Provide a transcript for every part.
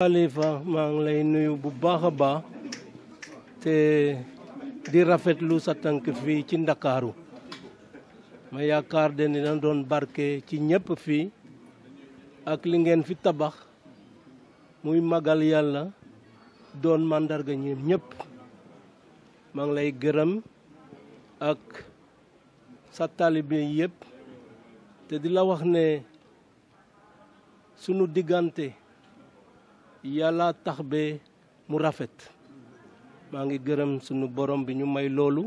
Xalifa maa ngi lay nuyu bu baax a baax te di rafetlu sa tànk fii ci Ndakaaru ma yaakaar de dina doon barke ci ñépp fii ak li ngeen fi tabax muy magal yàlla doon màndarga ñépp ñépp maa ngi lay gërëm ak sa taalibe yépp te di la wax ne sunu diggante yàlla tax be mu rafet maa ngi gërëm sunu borom bi ñu may loolu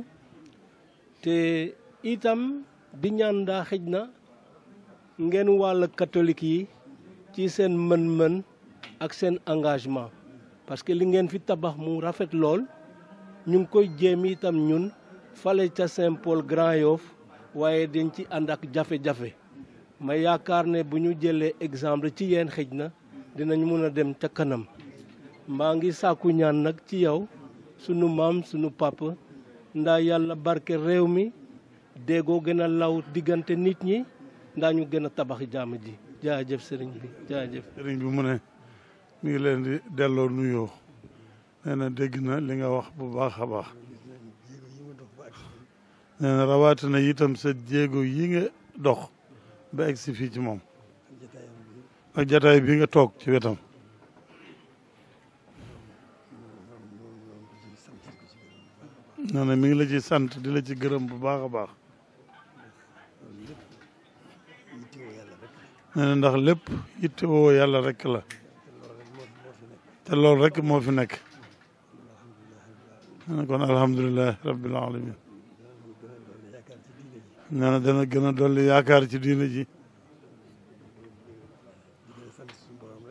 te itam di ñaan daa xëj na ngeen wàll katolik yi ci seen mën-mën ak seen engagement parce que li ngeen fi tabax mu rafet lool ñu ngi koy jéem itam ñun fale ca seen Paul Grand Yoff waaye dañ ci ànd ak jafe-jafe ma yaakaar ne bu ñu jëlee exemple ci yéen xëj na dinañu mën a dem ca kanam mbaa ngi saaku ñaan nag ci yow sunu maam sunu papa ndaa yàlla barke réew mi déggoo gën a law diggante nit ñi ndaa ñu gën a tabax jaam ji jaajëf sëriñ bi jaajëf sëriñ bi mu ne mi ngi leen di delloo nuyoo nee na dégg na li nga wax bu baax a baax nee na rawaati na itam sa jéego yi nga dox ba egsi fii ci moom ak jataay bii nga toog ci wetam nee na mi ngi la ci sant di la ci gërëm bu baax a baax nee na ndax lépp yitte woo yàlla rek la te loolu rek moo fi nekk nee na kon alhamdulilah rabbil alamin nee na dana gën a dolli yaakaar ci diina ji suñu borom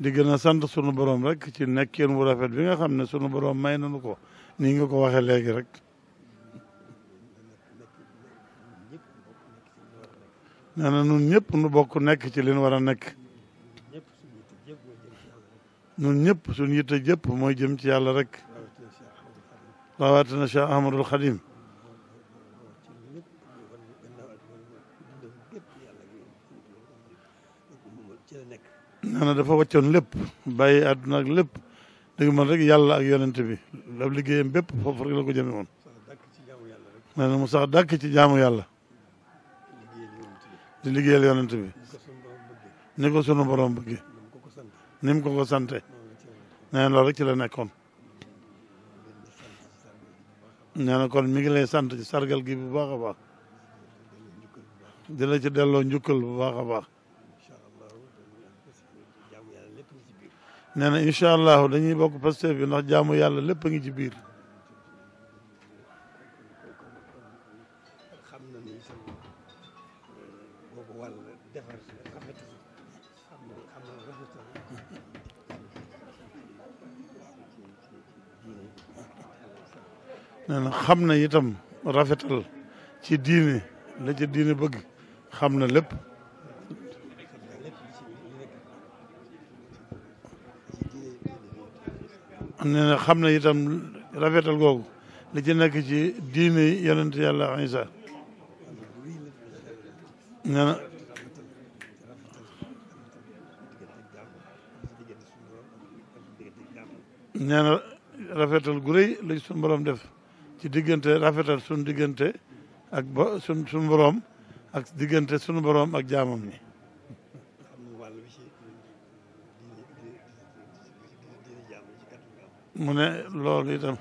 rek gën sant sunu borom rekk ci nekkin bu rafet bi nga xam ne sunu borom may nañu ko nii nga ko waxee léegi rek. nee na ñun ñëpp nu bokk nekk ci li ñu war a nekk. ñun ñëpp suñu yitte jëpp mooy jëm ci yàlla rek. rawatina Cheikh Ahmadul Xadim. nee na dafa lépp bàyyi àdduna ak lépp dëgg rek yàlla ak yonent bi ab liggéeyam bépp foofu rek la ko jëme woon nee na mu sax dàkk ci jaamu yàlla di liggéeyal yonent bi ni ko sunu borom bëggee ni mu ko ko sante nee na loolu rek ci la nekkoon nee na kon mi ngi lay sant ci sargal gi bu baax a baax di la ci delloo njukkal bu baax a baax nee na incha allahu dañuy bokk Pastef bi ndax jaamu yàlla lépp a ngi ci biir nee na xam na itam rafetal ci diine la ca diine bëgg xam na lépp nee na xam na itam rafetal googu li ci nekk ci diine yonent yàlla Isa nee na nee rafetal gu rëy la suñ borom def ci diggante rafetal suñ diggante ak ba suñ suñ borom ak diggante sunu borom ak jaamam ni mu ne loolu itam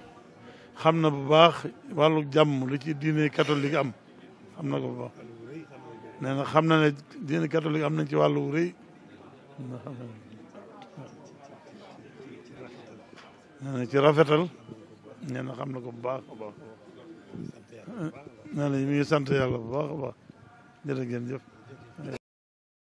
xam na bu baax wàllu jàmm lu ci diine catholique am xam na ko bu baax nee xam na ne diine catholique am nañ ci wàllu wu rëy ci rafetal nee na xam na ko bu baax a yi nee na mi ngi sant yàlla bu baax a baax jërë ngeen jëf